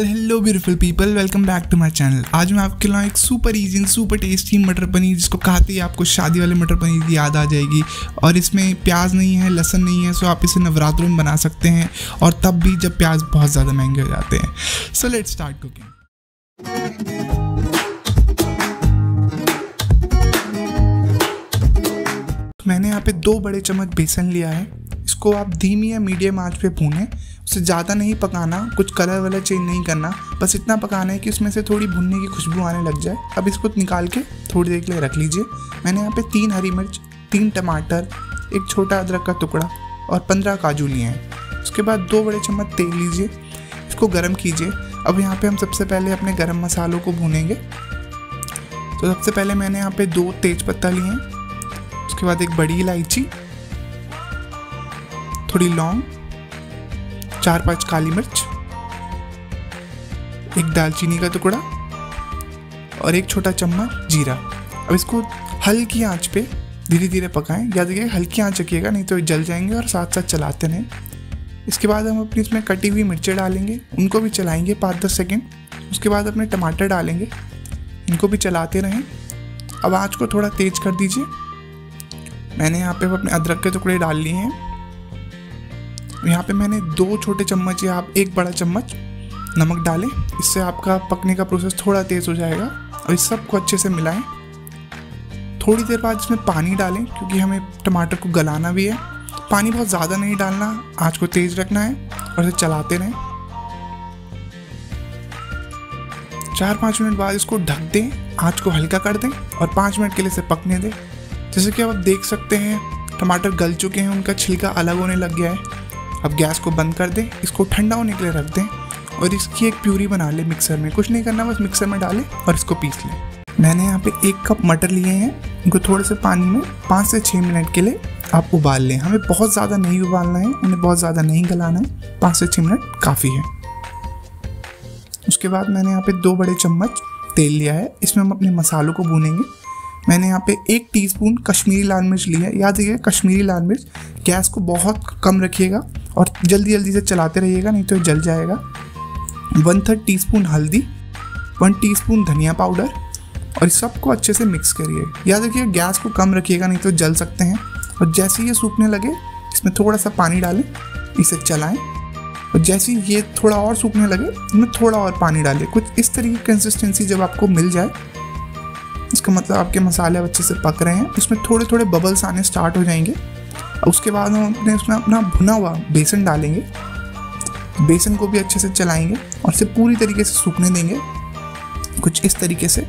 तो hello beautiful people welcome back to my channel आज मैं आपके लिए एक super easy and super tasty matar paneer जिसको खाते ही आपको शादी वाले मटर पनीर की याद आ जाएगी और इसमें प्याज नहीं है लहसन नहीं है सो आप इसे नवरात्रों में बना सकते हैं और तब भी जब प्याज बहुत ज़्यादा महंगे हो जाते हैं सो लेट स्टार्ट कुकिंग मैंने यहाँ पे दो बड़े चम्मच बेसन लिया है इसको आप धीमी या मीडियम आंच पे भूनें उसे ज़्यादा नहीं पकाना कुछ कलर वलर चेंज नहीं करना बस इतना पकाना है कि उसमें से थोड़ी भुनने की खुशबू आने लग जाए अब इसको निकाल के थोड़ी देर के लिए रख लीजिए मैंने यहाँ पे तीन हरी मिर्च तीन टमाटर एक छोटा अदरक का टुकड़ा और पंद्रह काजू लिए हैं उसके बाद दो बड़े चम्मच तेल लीजिए इसको गर्म कीजिए अब यहाँ पे हम सबसे पहले अपने गरम मसालों को भूनेंगे तो सबसे पहले मैंने यहाँ पे दो तेज पत्ता लिए हैं उसके बाद एक बड़ी इलायची थोड़ी लौंग चार पांच काली मिर्च एक दालचीनी का टुकड़ा और एक छोटा चम्मच जीरा अब इसको हल्की आंच पे धीरे धीरे पकाएं याद रखिए हल्की आंच रखिएगा नहीं तो जल जाएंगे और साथ साथ चलाते रहें इसके बाद हम अपनी इसमें कटी हुई मिर्चें डालेंगे उनको भी चलाएंगे पाँच दस सेकेंड उसके बाद अपने टमाटर डालेंगे इनको भी चलाते रहें अब आँच को थोड़ा तेज़ कर दीजिए मैंने यहाँ पे अपने अदरक के टुकड़े डाल लिए हैं तो यहाँ पे मैंने दो छोटे चम्मच या आप एक बड़ा चम्मच नमक डालें इससे आपका पकने का प्रोसेस थोड़ा तेज़ हो जाएगा और इस सबको अच्छे से मिलाएं थोड़ी देर बाद इसमें पानी डालें क्योंकि हमें टमाटर को गलाना भी है पानी बहुत ज़्यादा नहीं डालना आँच को तेज़ रखना है और इसे चलाते रहें चार पाँच मिनट बाद इसको ढक दें आँच को हल्का कर दें और पाँच मिनट के लिए इसे पकने दें जैसे कि आप देख सकते हैं टमाटर गल चुके हैं उनका छिलका अलग होने लग गया है अब गैस को बंद कर दें इसको ठंडा होने के लिए रख दें और इसकी एक प्यूरी बना लें मिक्सर में कुछ नहीं करना बस मिक्सर में डालें और इसको पीस लें मैंने यहाँ पे एक कप मटर लिए हैं इनको थोड़े से पानी में पाँच से छः मिनट के लिए आप उबाल लें हमें बहुत ज़्यादा नहीं उबालना है उन्हें बहुत ज़्यादा नहीं गलाना है पाँच से छः मिनट काफ़ी है उसके बाद मैंने यहाँ पे दो बड़े चम्मच तेल लिया है इसमें हम अपने मसालों को भूनेंगे मैंने यहाँ पे एक टीस्पून कश्मीरी लाल मिर्च ली है याद रखिएगा कश्मीरी लाल मिर्च गैस को बहुत कम रखिएगा और जल्दी जल्दी से चलाते रहिएगा नहीं तो जल जाएगा वन थर्ड टी हल्दी वन टी धनिया पाउडर और इस सबको अच्छे से मिक्स करिए याद रखिए गैस को कम रखिएगा नहीं तो जल सकते हैं और जैसे ये सूखने लगे इसमें थोड़ा सा पानी डालें इसे चलाएं और जैसे ये थोड़ा और सूखने लगे इसमें थोड़ा और पानी डालें कुछ इस तरह की कंसिस्टेंसी जब आपको मिल जाए इसका मतलब आपके मसाले अब अच्छे से पक रहे हैं उसमें थोड़े थोड़े बबल्स आने स्टार्ट हो जाएंगे उसके बाद हम अपने उसमें अपना भुना हुआ बेसन डालेंगे बेसन को भी अच्छे से चलाएंगे और इसे पूरी तरीके से सूखने देंगे कुछ इस तरीके से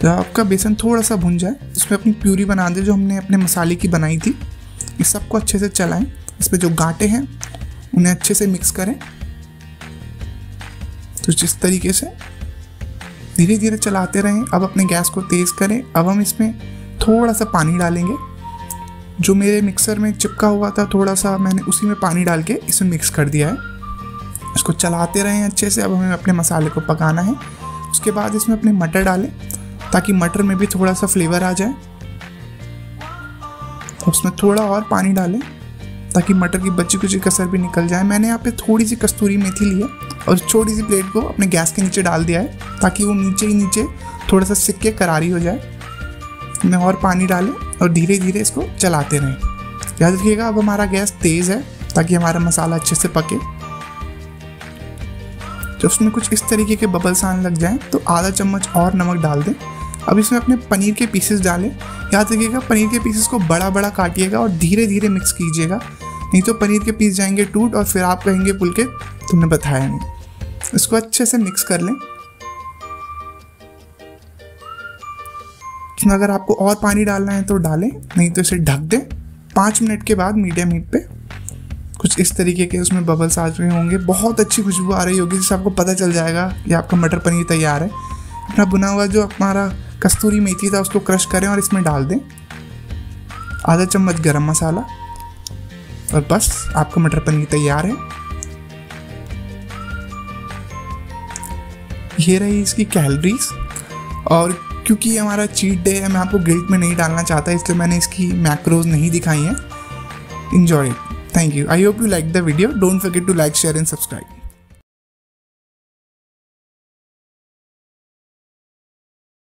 तो आपका बेसन थोड़ा सा भुन जाए इसमें अपनी प्यूरी बना दें जो हमने अपने मसाले की बनाई थी इस सबको अच्छे से चलाएं इसमें जो गांटे हैं उन्हें अच्छे से मिक्स करें तो जिस तरीके से धीरे धीरे चलाते रहें अब अपने गैस को तेज़ करें अब हम इसमें थोड़ा सा पानी डालेंगे जो मेरे मिक्सर में चिपका हुआ था थोड़ा सा मैंने उसी में पानी डाल के इसमें मिक्स कर दिया है इसको चलाते रहें अच्छे से अब हमें अपने मसाले को पकाना है उसके बाद इसमें अपने मटर डालें ताकि मटर में भी थोड़ा सा फ्लेवर आ जाए उसमें थोड़ा और पानी डालें ताकि मटर की बची कुची कसर भी निकल जाए मैंने यहाँ पे थोड़ी सी कस्तूरी मेथी ली है और छोटी सी प्लेट को अपने गैस के नीचे डाल दिया है ताकि वो नीचे ही नीचे थोड़ा सा सिक्के करारी हो जाए में और पानी डालें और धीरे धीरे इसको चलाते रहें याद रखिएगा अब हमारा गैस तेज़ है ताकि हमारा मसाला अच्छे से पके जब उसमें कुछ इस तरीके के बबल्स आने लग जाएं तो आधा चम्मच और नमक डाल दें अब इसमें अपने पनीर के पीसेस डालें याद रखिएगा पनीर के पीसेस को बड़ा बड़ा काटिएगा और धीरे धीरे मिक्स कीजिएगा नहीं तो पनीर के पीस जाएंगे टूट और फिर आप कहेंगे पुल के तुमने बताया नहीं इसको अच्छे से मिक्स कर लें इसमें अगर आपको और पानी डालना है तो डालें नहीं तो इसे ढक दें पाँच मिनट के बाद मीडियम हीट पे कुछ इस तरीके के उसमें बबल्स आ चुके होंगे बहुत अच्छी खुशबू आ रही होगी जिससे आपको पता चल जाएगा कि आपका मटर पनीर तैयार है अपना बुना हुआ जो हमारा कस्तूरी मेथी था उसको क्रश करें और इसमें डाल दें आधा चम्मच गरम मसाला और बस आपका मटर पनीर तैयार है ये रही इसकी कैलरीज और क्योंकि ये हमारा चीट डे है मैं आपको गिल्ट में नहीं डालना चाहता इसलिए मैंने इसकी मैक्रोज नहीं दिखाई है enjoy thank you I hope you like the video don't forget to like share and subscribe